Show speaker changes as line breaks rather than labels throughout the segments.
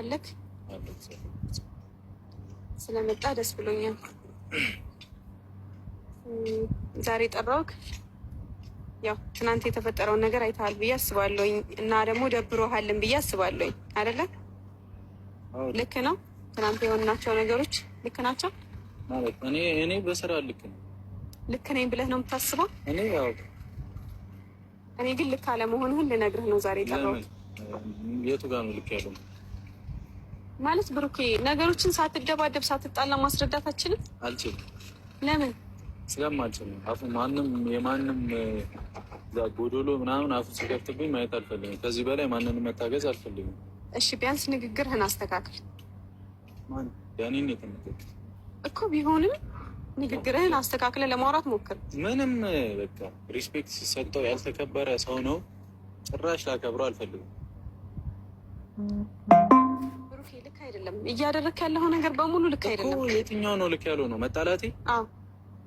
አለክ ስለመጣ ደስ ብሎኛል። ዛሬ ጠራውክ ያው ትናንት የተፈጠረውን ነገር አይተሃል ብዬ አስባለሁኝ እና ደግሞ ደብሮሃልን ብዬ አስባለሁኝ። አይደለ? ልክ ነው። ትናንት የሆንናቸው ነገሮች ልክ ናቸው።
እኔ እኔ በስራ ልክ ነው
ልክ ነኝ ብለህ ነው የምታስበው። እኔ ያው እኔ ግን ልክ ሁል ልነግርህ ነው ዛሬ ጠራሁት።
የቱ ጋር ነው ልክ ያለው?
ማለት ብሩኬ ነገሮችን ሳትደባደብ ሳትጣላ ማስረዳት አችልም? አልችልም። ለምን
ስለማልችልም። አፉ ማንም የማንም ጎዶሎ ምናምን አፉ ሲከፍትብኝ ማየት አልፈልግም። ከዚህ በላይ ማንን መታገዝ አልፈልግም።
እሺ ቢያንስ ንግግርህን አስተካክል።
ያኔን የተመጠቅ
እኮ ቢሆንም ንግግርህን አስተካክለ ለማውራት ሞክር።
ምንም በቃ ሪስፔክት ሲሰጠው ያልተከበረ ሰው ነው። ጭራሽ ላከብረው አልፈልግም።
ብሩኬ ልክ አይደለም እያደረክ ያለው ነገር በሙሉ ልክ አይደለም።
የትኛው ነው ልክ ያለው ነው? መጣላቴ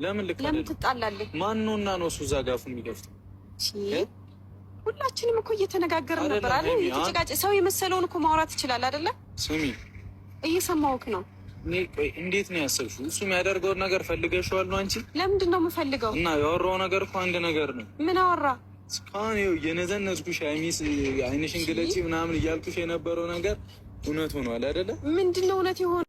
ለምን ልክ
ለምን ትጣላለህ?
ማን ነው እና ነው እሱ እዛ ጋር አፉን
ሁላችንም እኮ እየተነጋገርን ነበር አይደል? የተጨቃጨ ሰው የመሰለውን እኮ ማውራት ይችላል አይደለ? ስሚ እየሰማሁህ ነው።
እንዴት ነው ያሰብሽው? እሱ የሚያደርገውን ነገር ፈልገሽዋል ነው አንቺ?
ለምንድን ነው የምፈልገው?
እና ያወራው ነገር እኮ አንድ ነገር ነው። ምን አወራ? እስካሁን የነዘነዝኩሽ አይሚስ አይንሽን ግለጪ ምናምን እያልኩሽ የነበረው ነገር እውነት ሆኗል አይደለ?
ምንድን ነው እውነት የሆነ